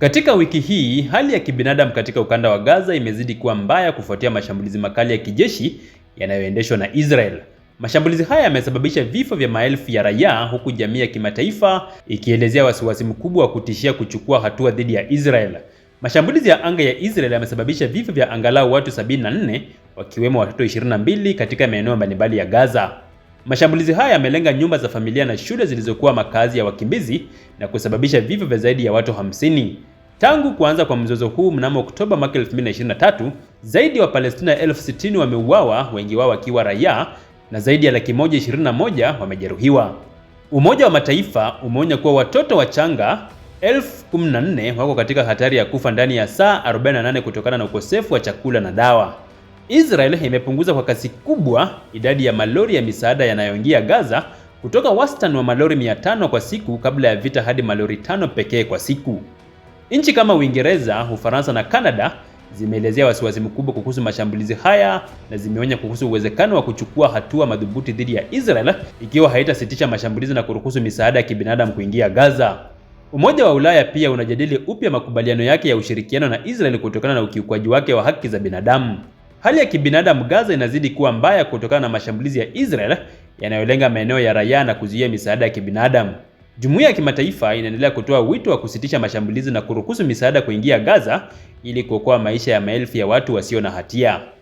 Katika wiki hii, hali ya kibinadamu katika ukanda wa Gaza imezidi kuwa mbaya kufuatia mashambulizi makali ya kijeshi yanayoendeshwa na Israel. Mashambulizi haya yamesababisha vifo vya maelfu ya raia huku jamii ya kimataifa ikielezea wasiwasi mkubwa wa kutishia kuchukua hatua dhidi ya Israel. Mashambulizi ya anga ya Israel yamesababisha vifo vya angalau watu 74 wakiwemo watoto 22 katika maeneo mbalimbali ya Gaza. Mashambulizi haya yamelenga nyumba za familia na shule zilizokuwa makazi ya wakimbizi na kusababisha vifo vya zaidi ya watu 50. Tangu kuanza kwa mzozo huu mnamo Oktoba mwaka 2023, zaidi ya Wapalestina elfu sitini wameuawa, wengi wao wakiwa raia na zaidi ya laki moja ishirini na moja wamejeruhiwa. Umoja wa Mataifa umeonya kuwa watoto wachanga elfu kumi na nne wako katika hatari ya kufa ndani ya saa 48 kutokana na ukosefu wa chakula na dawa. Israel imepunguza kwa kasi kubwa idadi ya malori ya misaada yanayoingia Gaza kutoka wastani wa malori 500 kwa siku kabla ya vita hadi malori tano pekee kwa siku. Nchi kama Uingereza, Ufaransa na Kanada zimeelezea wasiwasi mkubwa kuhusu mashambulizi haya na zimeonya kuhusu uwezekano wa kuchukua hatua madhubuti dhidi ya Israel ikiwa haitasitisha mashambulizi na kuruhusu misaada ya kibinadamu kuingia Gaza. Umoja wa Ulaya pia unajadili upya makubaliano yake ya ushirikiano na Israel kutokana na ukiukwaji wake wa haki za binadamu. Hali ya kibinadamu Gaza inazidi kuwa mbaya kutokana na mashambulizi ya Israel yanayolenga maeneo ya raia na kuzuia misaada ya kibinadamu. Jumuiya ya kimataifa inaendelea kutoa wito wa kusitisha mashambulizi na kuruhusu misaada kuingia Gaza ili kuokoa maisha ya maelfu ya watu wasio na hatia.